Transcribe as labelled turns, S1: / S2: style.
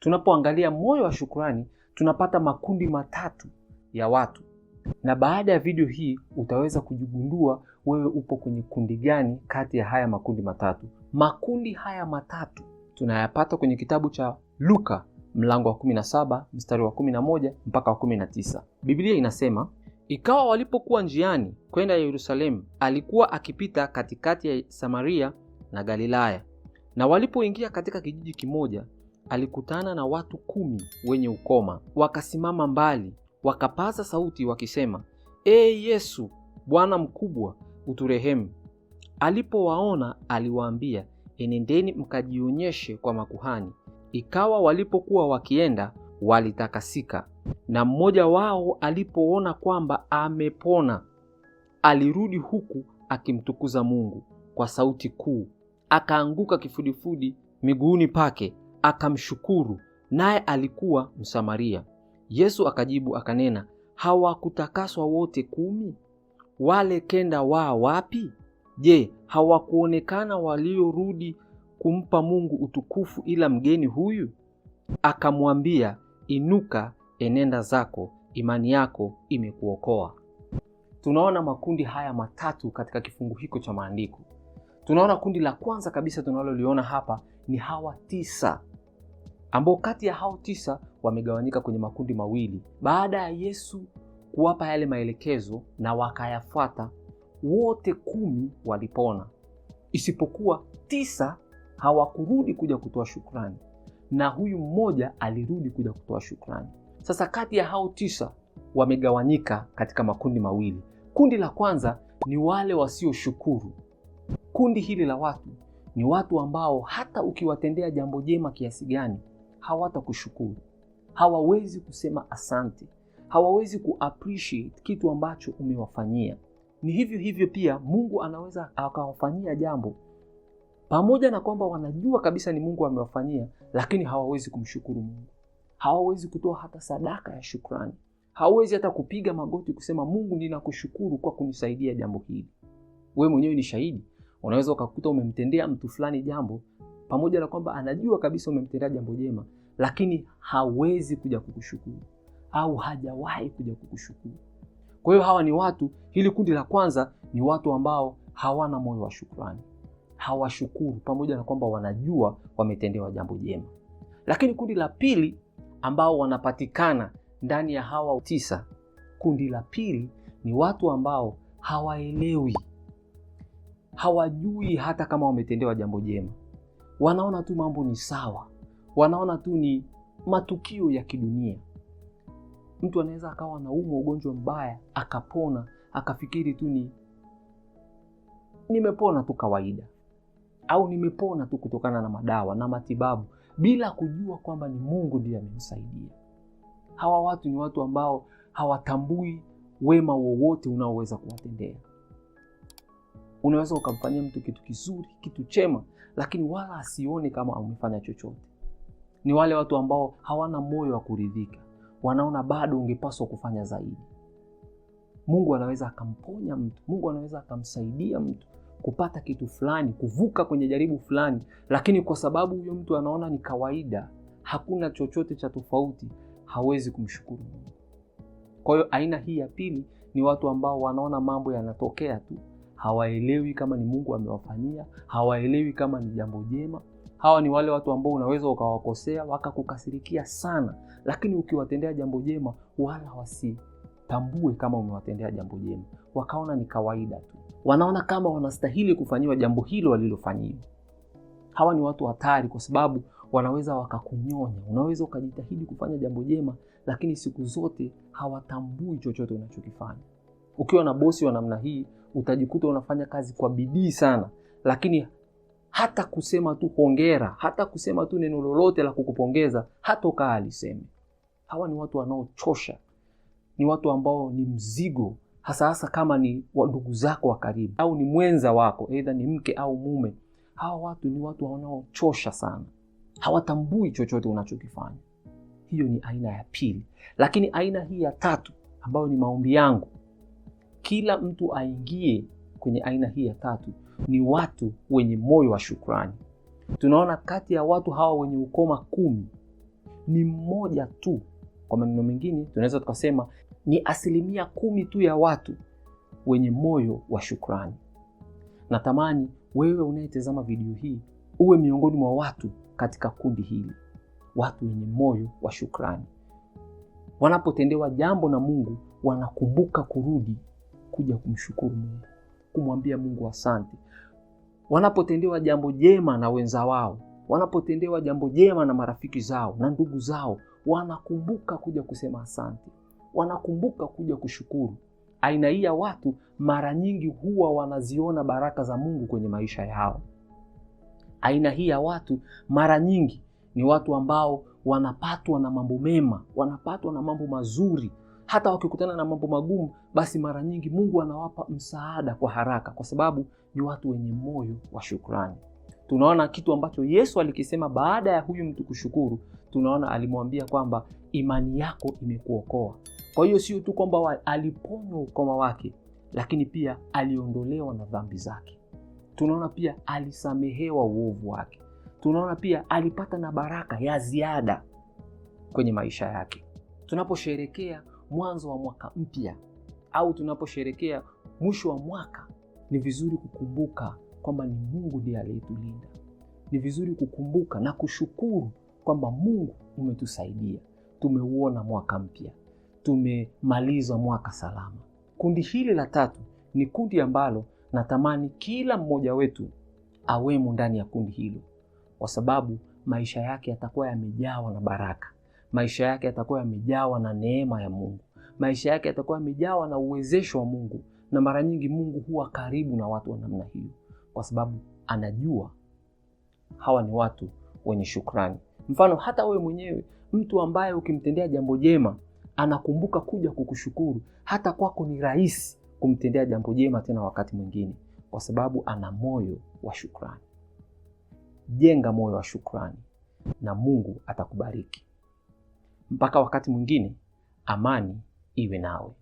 S1: Tunapoangalia moyo wa shukrani, tunapata makundi matatu ya watu, na baada ya video hii utaweza kujigundua wewe upo kwenye kundi gani kati ya haya makundi matatu. Makundi haya matatu tunayapata kwenye kitabu cha Luka mlango wa 17 mstari wa 11 mpaka wa 19. Biblia inasema Ikawa walipokuwa njiani kwenda Yerusalemu, alikuwa akipita katikati ya Samaria na Galilaya. Na walipoingia katika kijiji kimoja, alikutana na watu kumi wenye ukoma, wakasimama mbali, wakapaza sauti wakisema, Ee Yesu, Bwana mkubwa, uturehemu. Alipowaona aliwaambia, enendeni mkajionyeshe kwa makuhani. Ikawa walipokuwa wakienda walitakasika, na mmoja wao alipoona kwamba amepona, alirudi huku akimtukuza Mungu kwa sauti kuu, akaanguka kifudifudi miguuni pake akamshukuru, naye alikuwa Msamaria. Yesu akajibu akanena, hawakutakaswa wote kumi? Wale kenda waa wapi? Je, hawakuonekana waliorudi kumpa Mungu utukufu ila mgeni huyu? Akamwambia, inuka, enenda zako, imani yako imekuokoa. Tunaona makundi haya matatu katika kifungu hiko cha maandiko. Tunaona kundi la kwanza kabisa tunaloliona hapa ni hawa tisa ambao kati ya hao tisa wamegawanyika kwenye makundi mawili. Baada ya Yesu kuwapa yale maelekezo na wakayafuata, wote kumi walipona, isipokuwa tisa hawakurudi kuja kutoa shukrani, na huyu mmoja alirudi kuja kutoa shukrani. Sasa kati ya hao tisa wamegawanyika katika makundi mawili. Kundi la kwanza ni wale wasioshukuru. Kundi hili la watu ni watu ambao hata ukiwatendea jambo jema kiasi gani hawatakushukuru, hawawezi kusema asante, hawawezi kuappreciate kitu ambacho umewafanyia. Ni hivyo hivyo pia Mungu anaweza akawafanyia jambo pamoja na kwamba wanajua kabisa ni Mungu amewafanyia, lakini hawawezi kumshukuru Mungu, hawawezi kutoa hata sadaka ya shukrani, hawawezi hata kupiga magoti kusema Mungu, ninakushukuru kwa kunisaidia jambo hili. Wewe mwenyewe ni shahidi, unaweza ukakuta umemtendea mtu fulani jambo, pamoja na kwamba anajua kabisa umemtendea jambo jema, lakini hawezi kuja kukushukuru au hajawahi kuja kukushukuru. Kwa hiyo hawa ni watu, hili kundi la kwanza ni watu ambao hawana moyo wa shukrani, hawashukuru pamoja na kwamba wanajua wametendewa jambo jema. Lakini kundi la pili ambao wanapatikana ndani ya hawa tisa, kundi la pili ni watu ambao hawaelewi, hawajui hata kama wametendewa jambo jema wanaona tu mambo ni sawa, wanaona tu ni matukio ya kidunia. Mtu anaweza akawa anaumwa ugonjwa mbaya akapona, akafikiri tu ni nimepona tu kawaida, au nimepona tu kutokana na madawa na matibabu, bila kujua kwamba ni Mungu ndiye amemsaidia. Hawa watu ni watu ambao hawatambui wema wowote unaoweza kuwatendea. Unaweza ukamfanyia mtu kitu kizuri, kitu chema, lakini wala asione kama amefanya chochote. Ni wale watu ambao hawana moyo wa kuridhika, wanaona bado ungepaswa kufanya zaidi. Mungu anaweza akamponya mtu, Mungu anaweza akamsaidia mtu kupata kitu fulani, kuvuka kwenye jaribu fulani, lakini kwa sababu huyo mtu anaona ni kawaida, hakuna chochote cha tofauti, hawezi kumshukuru Mungu. Kwa hiyo aina hii ya pili ni watu ambao wanaona mambo yanatokea tu, hawaelewi kama ni Mungu amewafanyia, hawaelewi kama ni jambo jema. Hawa ni wale watu ambao unaweza ukawakosea wakakukasirikia sana, lakini ukiwatendea jambo jema wala wasitambue kama umewatendea jambo jema, wakaona ni kawaida tu, wanaona kama wanastahili kufanyiwa jambo hilo walilofanyiwa. Hawa ni watu hatari, kwa sababu wanaweza wakakunyonya. Unaweza ukajitahidi kufanya jambo jema, lakini siku zote hawatambui chochote unachokifanya. Ukiwa na bosi wa namna hii, utajikuta unafanya kazi kwa bidii sana, lakini hata kusema tu hongera, hata kusema tu neno lolote la kukupongeza, hata ukaa aliseme. Hawa ni watu wanaochosha, ni watu ambao ni mzigo, hasa hasa kama ni ndugu zako wa karibu au ni mwenza wako, aidha ni mke au mume. Hawa watu ni watu wanaochosha sana, hawatambui chochote unachokifanya. Hiyo ni aina ya pili, lakini aina hii ya tatu ambayo ni maombi yangu kila mtu aingie kwenye aina hii ya tatu ni watu wenye moyo wa shukrani. Tunaona kati ya watu hawa wenye ukoma kumi ni mmoja tu. Kwa maneno mengine, tunaweza tukasema ni asilimia kumi tu ya watu wenye moyo wa shukrani. Natamani wewe unayetazama video hii uwe miongoni mwa watu katika kundi hili, watu wenye moyo wa shukrani. Wanapotendewa jambo na Mungu, wanakumbuka kurudi kuja kumshukuru Mungu, kumwambia Mungu asante wanapotendewa jambo jema na wenza wao, wanapotendewa jambo jema na marafiki zao na ndugu zao, wanakumbuka kuja kusema asante, wanakumbuka kuja kushukuru. Aina hii ya watu mara nyingi huwa wanaziona baraka za Mungu kwenye maisha yao. Aina hii ya watu mara nyingi ni watu ambao wanapatwa na mambo mema, wanapatwa na mambo mazuri hata wakikutana na mambo magumu, basi mara nyingi Mungu anawapa msaada kwa haraka, kwa sababu ni watu wenye moyo wa shukrani. Tunaona kitu ambacho Yesu alikisema baada ya huyu mtu kushukuru. Tunaona alimwambia kwamba imani yako imekuokoa. Kwa hiyo sio tu kwamba aliponywa ukoma wake, lakini pia aliondolewa na dhambi zake. Tunaona pia alisamehewa uovu wake. Tunaona pia alipata na baraka ya ziada kwenye maisha yake. Tunaposherekea mwanzo wa mwaka mpya au tunaposherekea mwisho wa mwaka, ni vizuri kukumbuka kwamba ni Mungu ndiye aliyetulinda. Ni vizuri kukumbuka na kushukuru kwamba Mungu umetusaidia, tumeuona mwaka mpya, tumemaliza mwaka salama. Kundi hili la tatu ni kundi ambalo natamani kila mmoja wetu awemo ndani ya kundi hilo, kwa sababu maisha yake yatakuwa yamejawa na baraka maisha yake yatakuwa yamejawa na neema ya Mungu, maisha yake yatakuwa yamejawa na uwezesho wa Mungu. Na mara nyingi Mungu huwa karibu na watu wa namna hiyo, kwa sababu anajua hawa ni watu wenye shukrani. Mfano hata wewe mwenyewe, mtu ambaye ukimtendea jambo jema anakumbuka kuja kukushukuru, hata kwako ni rahisi kumtendea jambo jema tena wakati mwingine, kwa sababu ana moyo wa shukrani. Jenga moyo wa shukrani na Mungu atakubariki mpaka wakati mwingine, amani iwe nawe.